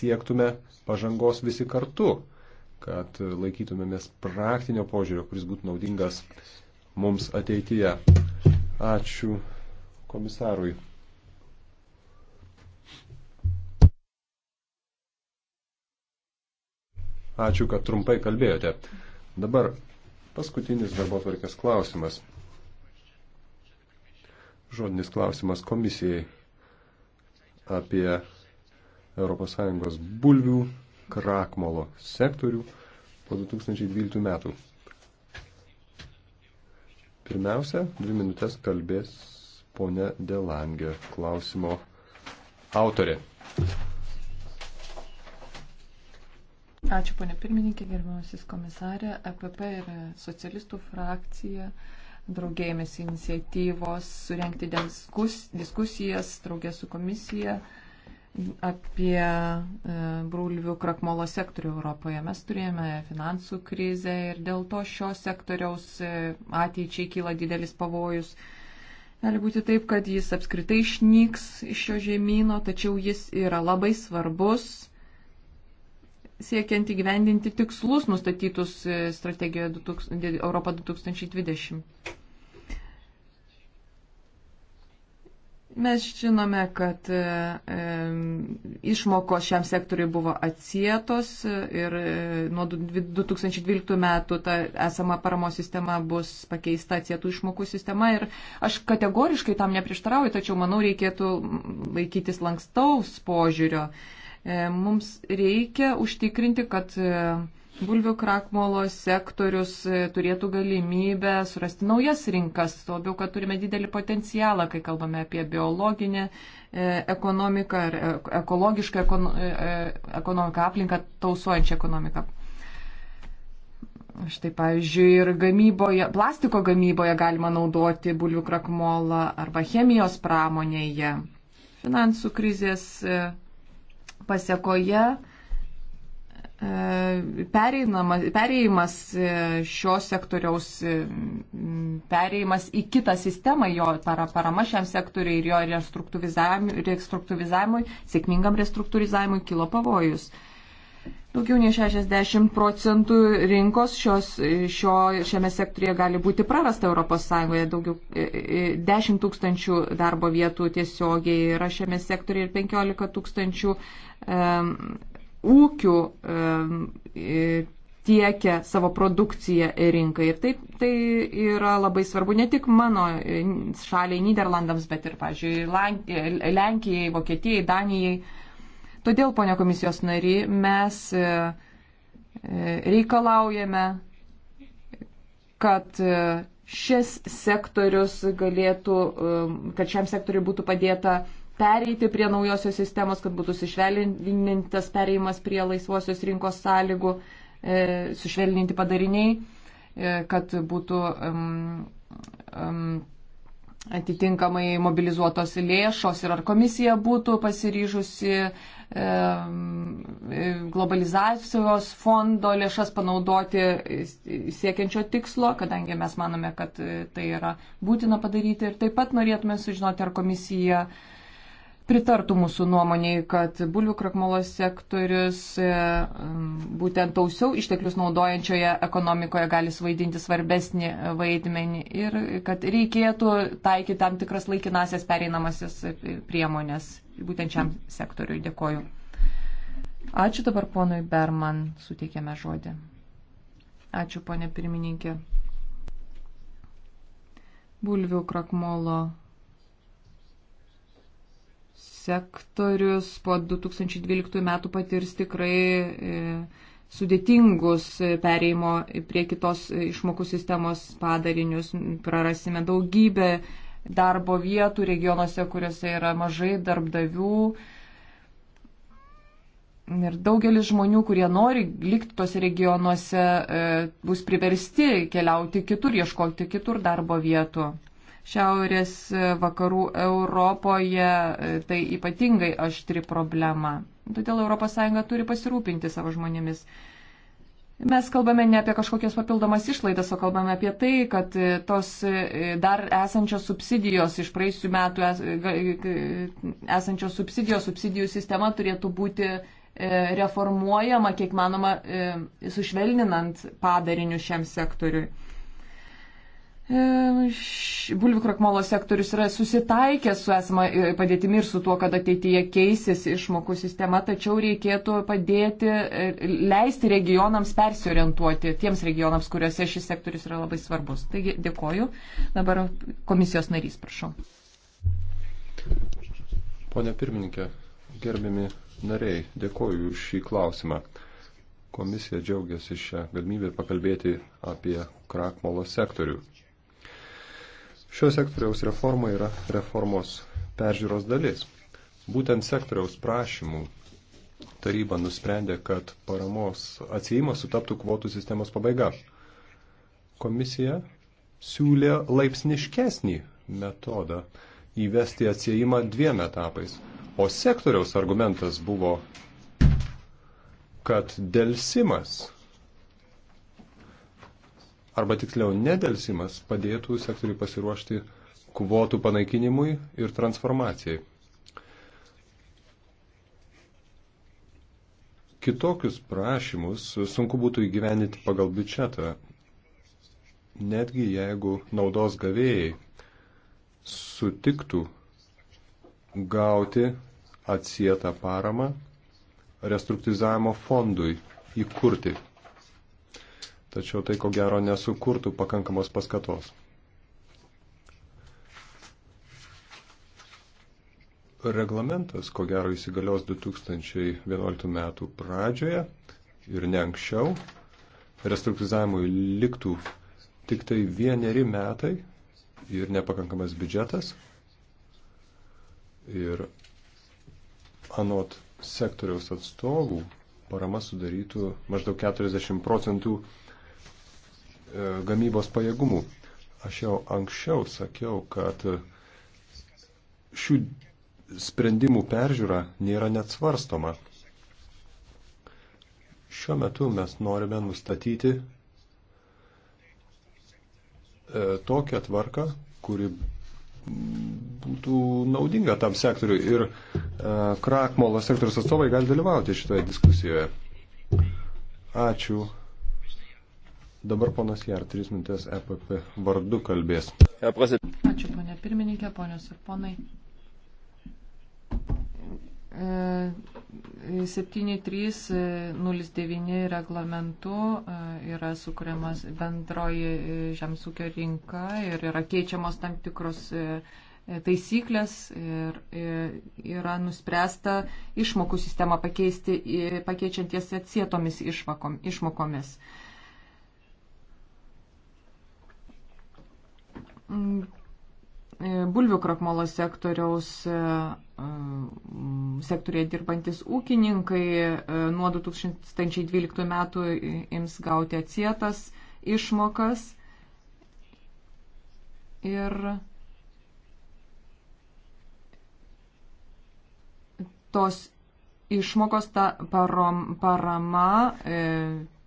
siektume pažangos visi kartu, kad laikytumėmės praktinio požiūrio, kuris būtų naudingas mums ateityje. Ačiū komisarui. Ačiū, kad trumpai kalbėjote. Dabar paskutinis darbo tvarkės klausimas. Žodinis klausimas komisijai apie ES bulvių krakmolo sektorių po 2012 metų. Pirmiausia, dvi minutės kalbės ponia Delangė, klausimo autorė. Ačiū, ponė pirmininkė, gerbiamasis komisarė. EPP ir socialistų frakcija draugėjimės iniciatyvos surenkti diskus, diskusijas draugės su komisija. Uh, apie e, brūlių krakmolo sektorių Europoje. Mes turėjome finansų krizę ir dėl to šio sektoriaus e, ateičiai kyla didelis pavojus. Gali būti taip, kad jis apskritai išnyks iš šio žemynų, tačiau jis yra labai svarbus siekiant įgyvendinti tikslus nustatytus e, strategijoje Europa 2020. Mes žinome, kad e, e, išmokos šiam sektoriui buvo atsietos ir e, nuo 2012 metų ta esama paramos sistema bus pakeista atsietų išmokų sistema ir aš kategoriškai tam neprieštarauju, tačiau manau reikėtų laikytis lankstaus požiūrio. Mums reikia užtikrinti, kad bulvių krakmolo sektorius e, turėtų galimybę surasti naujas rinkas, labiau, kad turime didelį potencialą, kai kalbame apie biologinę e, ekonomiką ar e, ekologišką ekonomiką, aplinką tausojančią ekonomiką. Štai pavyzdžiui, ir gamyboje, plastiko gamyboje galima naudoti bulvių krakmolą arba chemijos pramonėje. Finansų krizės pasiekoje Pereimas e, šio sektoriaus, e, pereimas į kitą sistemą, jo parama šiam sektoriui ir jo restruktūrizavimui, restruktūrizavimui sėkmingam restruktūrizavimui kilo pavojus. Daugiau nei 60 procentų rinkos šios, šio, šiame sektorėje gali būti prarasta ES. Daugiau 10 e, tūkstančių darbo vietų tiesiogiai yra šiame sektorėje ir 15 tūkstančių um, ūkių tiekia savo produkciją rinkai. Ir taip tai yra labai svarbu ne tik mano e, šaliai Niderlandams, bet ir, pažiūrėjau, e, Lenkijai, Vokietijai, Danijai. Todėl, ponia komisijos nari, mes e, reikalaujame, kad šis sektorius galėtų, kad šiam sektoriu būtų padėta pereiti prie naujosios sistemos, kad būtų sušvelnintas pereimas prie laisvosios rinkos sąlygų, e, sušvelninti padariniai, e, kad būtų um, um, atitinkamai mobilizuotos lėšos ir ar komisija būtų pasiryžusi e, globalizacijos fondo lėšas panaudoti siekiančio tikslo, kadangi mes manome, kad e, tai yra būtina padaryti. Ir taip pat norėtume sužinoti, ar komisija e, pritartų mūsų nuomoniai, kad bulvių krakmolo sektorius e, būtent tausiau išteklius naudojančioje ekonomikoje gali svaidinti svarbesnį vaidmenį ir kad reikėtų taikyti tam tikras laikinasias pereinamasis priemonės būtent šiam sektoriui. Dėkoju. Ačiū dabar ponui Berman, suteikėme žodį. Ačiū ponė pirmininkė. Bulvių krakmolo sektorius po 2012 metų patirs tikrai e, sudėtingus e, pereimo prie kitos e, išmokų sistemos padarinius. Prarasime daugybę darbo vietų regionuose, kuriuose yra mažai darbdavių. Ir daugelis žmonių, kurie nori likti tose regionuose, bus priversti keliauti kitur, ieškoti kitur darbo vietų. Šiaurės e, vakarų Europoje e, tai ypatingai aštri problema. Todėl ES turi pasirūpinti savo žmonėmis. Mes kalbame ne apie kažkokias papildomas išlaidas, o kalbame apie tai, kad e, tos dar esančios subsidijos iš praeisių metų esančios subsidijos, subsidijų sistema turėtų būti reformuojama, kiek manoma, sušvelninant padarinius šiam sektoriui bulvių krakmolo sektorius yra susitaikęs su esama e, padėtimi ir su tuo, kad ateityje keisės išmokų sistema, tačiau reikėtų padėti, e, leisti regionams persiorientuoti, tiems regionams, kuriuose šis sektorius yra labai svarbus. Taigi dėkoju. Dabar komisijos narys, prašau. Pone pirmininkė, gerbiami nariai, dėkoju už šį klausimą. Komisija džiaugiasi šią galimybę pakalbėti apie krakmolo sektorių. Šio sektoriaus reforma yra reformos peržiūros dalis. Būtent sektoriaus prašymų taryba nusprendė, kad paramos atsijimas sutaptų kvotų sistemos pabaiga. Komisija siūlė laipsniškesnį metodą įvesti atsijimą dviem etapais. O sektoriaus argumentas buvo, kad dėlsimas arba tiksliau nedelsimas padėtų sektoriui pasiruošti kvotų panaikinimui ir transformacijai. Kitokius prašymus sunku būtų įgyveninti pagal biudžetą, netgi jeigu naudos gavėjai sutiktų gauti atsietą paramą restruktūrizavimo fondui įkurti tačiau tai ko gero nesukurtų pakankamos paskatos. Reglamentas, ko gero, įsigalios 2011 metų pradžioje ir ne anksčiau. Restruktūrizavimui liktų tik tai vieneri metai ir nepakankamas biudžetas. Ir anot sektoriaus atstovų parama sudarytų maždaug 40 procentų E, gamybos pajėgumų. Aš jau anksčiau sakiau, kad šių sprendimų peržiūra nėra net svarstoma. Šiuo metu mes norime nustatyti e, tokią tvarką, kuri būtų naudinga tam sektoriui ir e, krakmolo sektoriaus atstovai gali dalyvauti šitoje diskusijoje. Ačiū. Dabar ponas Jar, trys minutės EPP vardu kalbės. Ačiū, ponė pirmininkė, ponios ir ponai. 7309 e, reglamentu e, yra sukūriamas bendroji e, žemės ūkio rinka ir yra keičiamos tam tikros taisyklės ir yra nuspręsta išmokų sistemą pakeisti pakeičianties atsietomis išmokomis. E, bulvių krakmolo sektoriaus e, sektorėje dirbantis ūkininkai e, nuo 2012 metų ims gauti atsietas išmokas ir tos išmokos ta parom, parama e,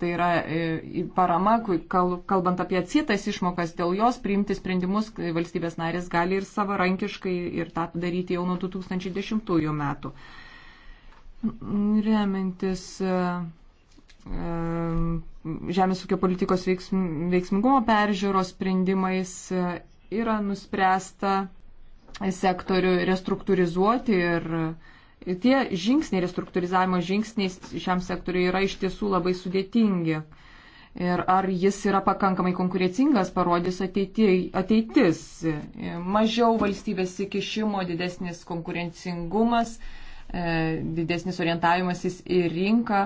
tai yra e, parama, kalbant apie atsitas išmokas, dėl jos priimti sprendimus e, valstybės narės gali ir savarankiškai ir tą daryti jau nuo 2010 metų. Remiantis e, žemės ūkio politikos veiksmingumo peržiūros sprendimais yra nuspręsta sektorių restruktūrizuoti ir uh, Tie žingsniai, restruktūrizavimo žingsniai šiam sektoriui yra iš tiesų labai sudėtingi. Ir ar jis yra pakankamai konkurencingas, parodys ateitis. Mažiau valstybės įkišimo, didesnis konkurencingumas, e, didesnis orientavimasis į rinką.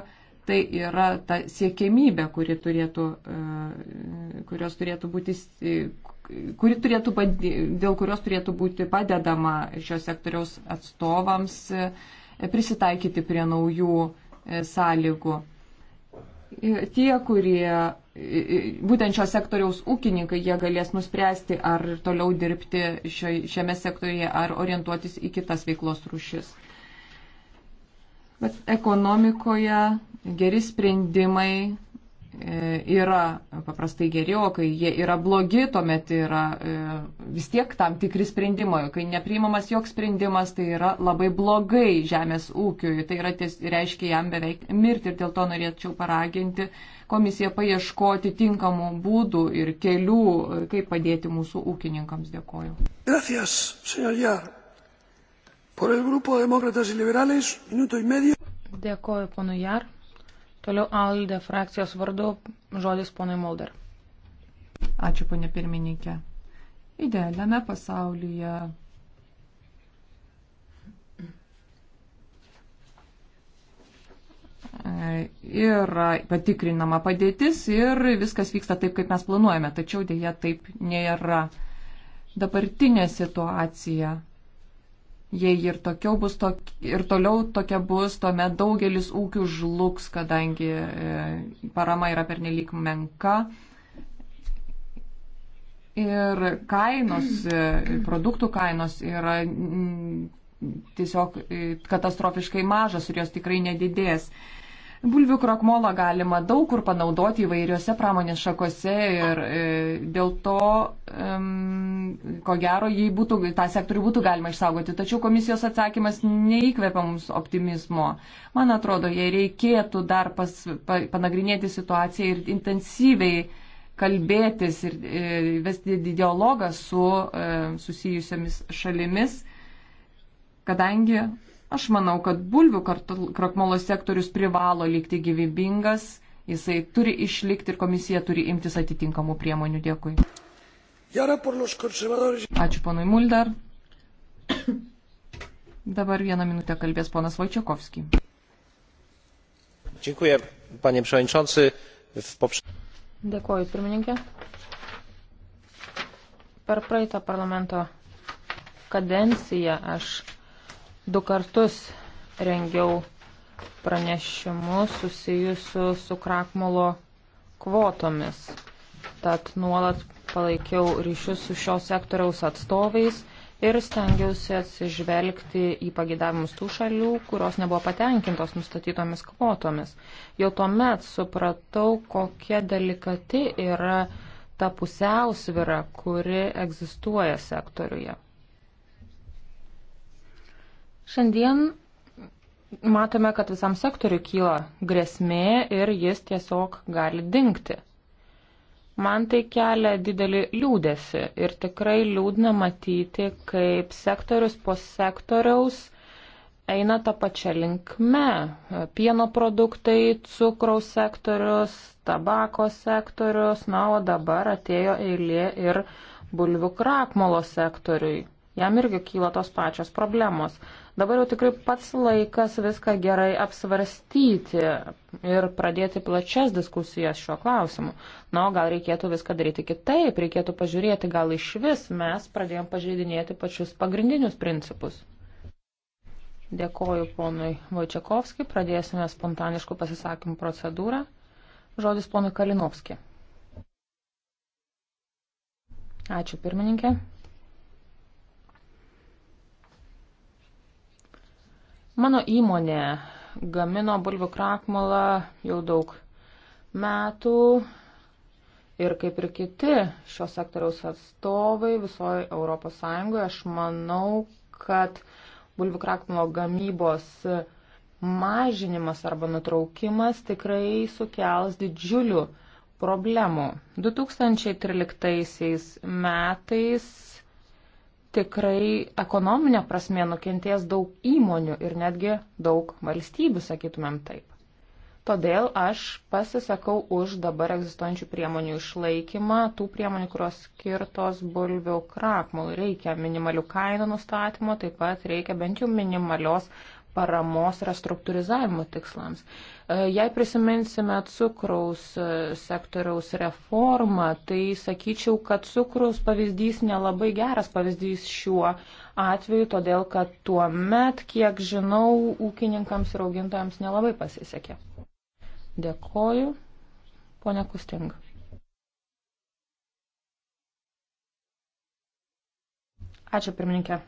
Tai yra ta siekėmybė, kuri turėtų, e, kurios turėtų būti, kuri turėtų, dėl kurios turėtų būti padedama šio sektoriaus atstovams e, prisitaikyti prie naujų e, sąlygų. E, tie, kurie būtent šio sektoriaus ūkininkai, jie galės nuspręsti, ar toliau dirbti šio, šiame sektorije, ar orientuotis į kitas veiklos rušis. Bet ekonomikoje geri sprendimai E, yra paprastai geri, o kai jie yra blogi, tuomet yra e, vis tiek tam tikri sprendimai. Kai nepriimamas joks sprendimas, tai yra labai blogai žemės ūkiui. Tai yra ties, reiškia jam beveik mirti ir dėl to norėčiau paraginti komisiją paieškoti tinkamų būdų ir kelių, e, kaip padėti mūsų ūkininkams. Dėkoju. Gracias, señoría. Por el grupo Demócratas y Liberales, minuto y medio. Dėkoju, ponu Jar. Toliau ALDE frakcijos vardu žodis ponui Mulder. Ačiū, ponė pirmininkė. Idealiame pasaulyje yra patikrinama padėtis ir viskas vyksta taip, kaip mes planuojame, tačiau dėja taip nėra. Dabartinė situacija Jei ir, bus tok, ir toliau tokia bus, tuomet daugelis ūkių žlugs, kadangi e, parama yra pernelyg menka. Ir kainos, e, produktų kainos yra tiesiog e, katastrofiškai mažas ir jos tikrai nedidės. Bulvių krokmolą galima daug kur panaudoti įvairiose pramonės šakose ir e, dėl to, ko gero, jį būtų, tą sektorių būtų galima išsaugoti. Tačiau komisijos atsakymas neįkvepia mums optimizmo. Man atrodo, jei reikėtų dar pas, pa, panagrinėti situaciją ir intensyviai kalbėtis ir e, vesti dialogą su e, susijusiamis šalimis, kadangi Aš manau, kad bulvių krakmolo sektorius privalo likti gyvybingas, jisai turi išlikti ir komisija turi imtis atitinkamų priemonių. Dėkui. Ačiū ponui Mulder. Dabar vieną minutę kalbės ponas Vaičiakovski. Dziękuję, panie przewodniczący. W poprzednim. Dėkoju, pirmininkė. Per praeitą parlamento kadenciją aš Du kartus rengiau pranešimus susijusius su krakmolo kvotomis. Tad nuolat palaikiau ryšius su šio sektoriaus atstovais ir stengiausi atsižvelgti į pagidavimus tų šalių, kurios nebuvo patenkintos nustatytomis kvotomis. Jau tuomet supratau, kokia delikati yra ta pusiausvyra, kuri egzistuoja sektoriuje. Šiandien matome, kad visam sektoriu kyla grėsmė ir jis tiesiog gali dinkti. Man tai kelia didelį liūdėsi ir tikrai liūdna matyti, kaip sektorius po sektoriaus eina tą pačią linkme. Pieno produktai, cukraus sektorius, tabako sektorius, na, o dabar atėjo eilė ir bulvių krakmolo sektoriui. Jam irgi kyla tos pačios problemos. Dabar jau tikrai pats laikas viską gerai apsvarstyti ir pradėti plačias diskusijas šiuo klausimu. Na, o gal reikėtų viską daryti kitaip, reikėtų pažiūrėti, gal iš vis mes pradėjom pažeidinėti pačius pagrindinius principus. Dėkoju ponui Vojčiakovskijui, pradėsime spontaniškų pasisakymų procedūrą. Žodis ponui Kalinovskijui. Ačiū pirmininkė. Mano įmonė gamino bulvių krakmalą jau daug metų ir kaip ir kiti šio sektoriaus atstovai visoje Europos Sąjungoje, aš manau, kad bulvių krakmalo gamybos mažinimas arba nutraukimas tikrai sukels didžiulių problemų. 2013 metais tikrai ekonominė prasme nukentės daug įmonių ir netgi daug valstybių, sakytumėm taip. Todėl aš pasisakau už dabar egzistuojančių priemonių išlaikymą, tų priemonių, kurios skirtos bulvių krakmului. Reikia minimalių kainų nustatymo, taip pat reikia bent jau minimalios paramos restruktūrizavimo tikslams. E, jei prisiminsime cukraus e, sektoriaus reformą, tai sakyčiau, kad cukraus pavyzdys nelabai geras pavyzdys šiuo atveju, todėl kad tuo met, kiek žinau, ūkininkams ir augintojams nelabai pasisekė. Dėkoju. Pone Kustinga. Ačiū pirmininkė.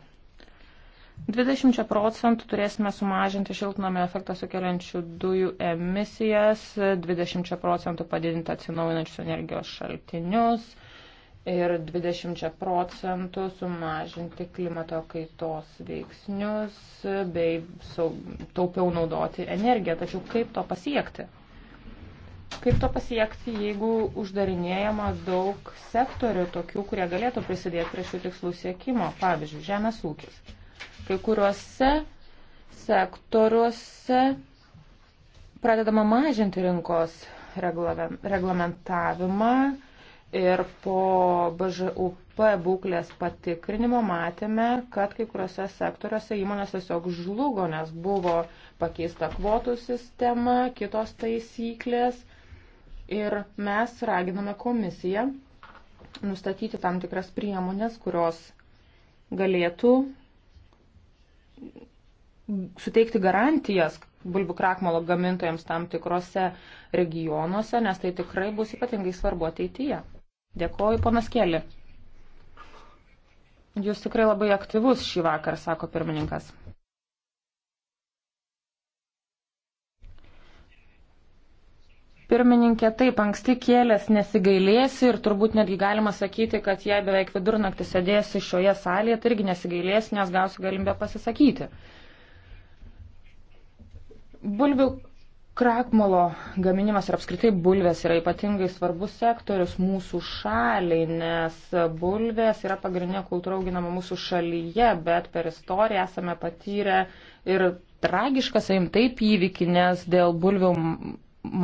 20 procentų turėsime sumažinti šiltnamio efektą sukeliančių dujų emisijas, 20 procentų padidinti atsinaujinančius energijos šaltinius ir 20 procentų sumažinti klimato kaitos veiksnius bei taupiau naudoti energiją. Tačiau kaip to pasiekti? Kaip to pasiekti, jeigu uždarinėjama daug sektorių, tokių, kurie galėtų prisidėti prie šių tikslų siekimo, pavyzdžiui, žemės ūkis? Kai kuriuose sektoriuose pradedama mažinti rinkos reglamentavimą ir po BŽUP būklės patikrinimo matėme, kad kai kuriuose sektoriuose įmonės tiesiog žlugo, nes buvo pakeista kvotų sistema, kitos taisyklės ir mes raginame komisiją nustatyti tam tikras priemonės, kurios galėtų suteikti garantijas bulbių krakmalo gamintojams tam tikrose regionuose, nes tai tikrai bus ypatingai svarbu ateityje. Dėkoju, ponas Kėlė. Jūs tikrai labai aktyvus šį vakarą, sako pirmininkas. Pirmininkė, taip, anksti kėlės nesigailėsi ir turbūt netgi galima sakyti, kad jei beveik vidurnaktį sėdėsi šioje salėje, tai irgi nesigailėsi, nes gausi galimybę pasisakyti. Uh, Bulvių krakmolo gaminimas ir apskritai bulvės yra ypatingai svarbus sektorius mūsų šaliai, nes bulvės yra pagrindinė kultūra auginama mūsų šalyje, bet per istoriją esame patyrę ir tragišką, saim taip, įvykį, nes dėl bulvių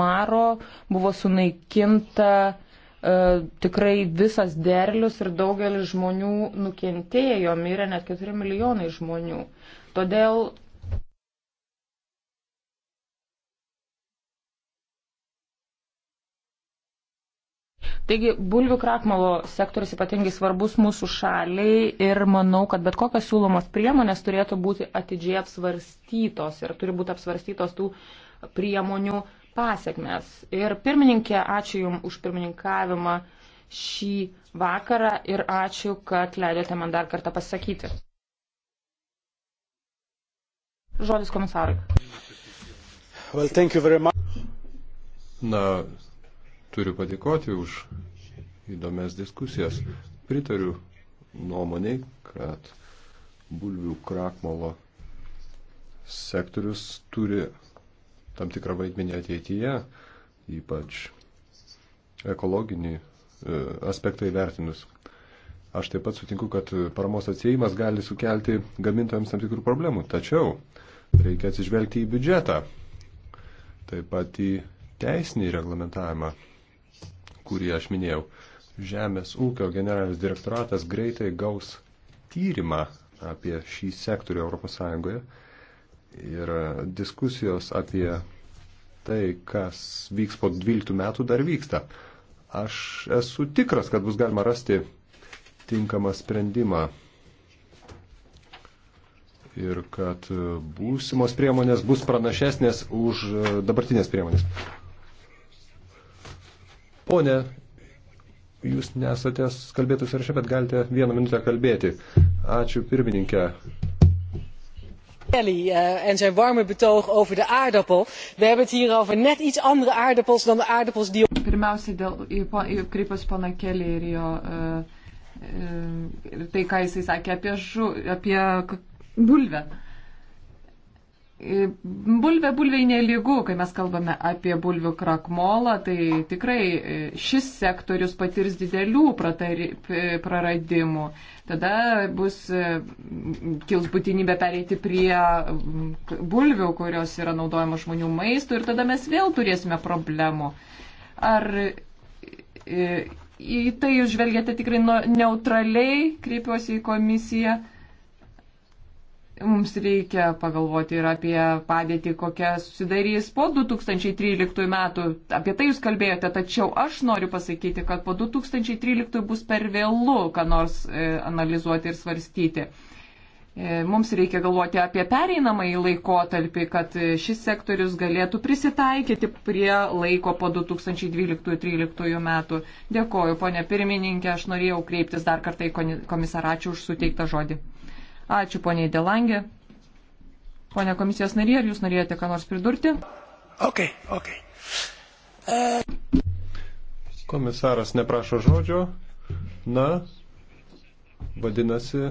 maro buvo sunaikinta e, tikrai visas derlius ir daugelis žmonių nukentėjo, mirė net 4 milijonai žmonių. Todėl Taigi, bulvių krakmalo sektorius ypatingai svarbus mūsų šaliai ir manau, kad bet kokios siūlomos priemonės turėtų būti atidžiai apsvarstytos ir turi būti apsvarstytos tų priemonių pasiekmes. Ir pirmininkė, ačiū Jums už pirmininkavimą šį vakarą ir ačiū, kad leidote man dar kartą pasakyti. Žodis komisarui. Well, Na, Turiu padėkoti už įdomias diskusijas. Pritariu nuomoniai, kad bulvių krakmolo sektorius turi tam tikrą vaidmenį ateityje, ypač ekologinį e, aspektą įvertinus. Aš taip pat sutinku, kad paramos atsiejimas gali sukelti gamintojams tam tikrų problemų, tačiau reikia atsižvelgti į biudžetą, taip pat į teisinį reglamentavimą kurį aš minėjau. Žemės ūkio generalinis direktoratas greitai gaus tyrimą apie šį sektorių ES ir diskusijos apie tai, kas vyks po 12 metų, dar vyksta. Aš esu tikras, kad bus galima rasti tinkamą sprendimą ir kad būsimos priemonės bus pranašesnės už dabartinės priemonės. Pone, jūs nesate kalbėtus rašė, bet galite vieną minutę kalbėti. Ačiū pirmininkė. Kelly uh, en zijn warme betoog over de aardappel. We hebben het hier over net iets andere aardappels dan de aardappels die. Pirmiausiai dėl kreipiuosi pana Kelly ir jo uh, uh, tai, ką jisai sakė apie, žu, apie bulvę. Uh, Bulvė bulviai nelygu, kai mes kalbame apie bulvių krakmolą, tai tikrai e, šis sektorius patirs didelių pratari, praradimų. Tada bus, e, kils būtinybė pereiti prie bulvių, kurios yra naudojamos žmonių maistų ir tada mes vėl turėsime problemų. Ar e, į tai jūs žvelgiate tikrai neutraliai, kreipiuosi į komisiją? Mums reikia pagalvoti ir apie padėtį, kokia susidarys po 2013 metų. Apie tai jūs kalbėjote, tačiau aš noriu pasakyti, kad po 2013 bus per vėlų, ką nors e, analizuoti ir svarstyti. E, mums reikia galvoti apie pereinamąjį laikotarpį, kad e, šis sektorius galėtų prisitaikyti prie laiko po 2012-2013 metų. Dėkoju, ponė pirmininkė, aš norėjau kreiptis dar kartą į komisaračių už suteiktą žodį. Ačiū poniai Delangė. Pone komisijos narė, ar jūs norėjote ką nors pridurti? Ok, ok. Uh... Komisaras neprašo žodžio. Na, vadinasi,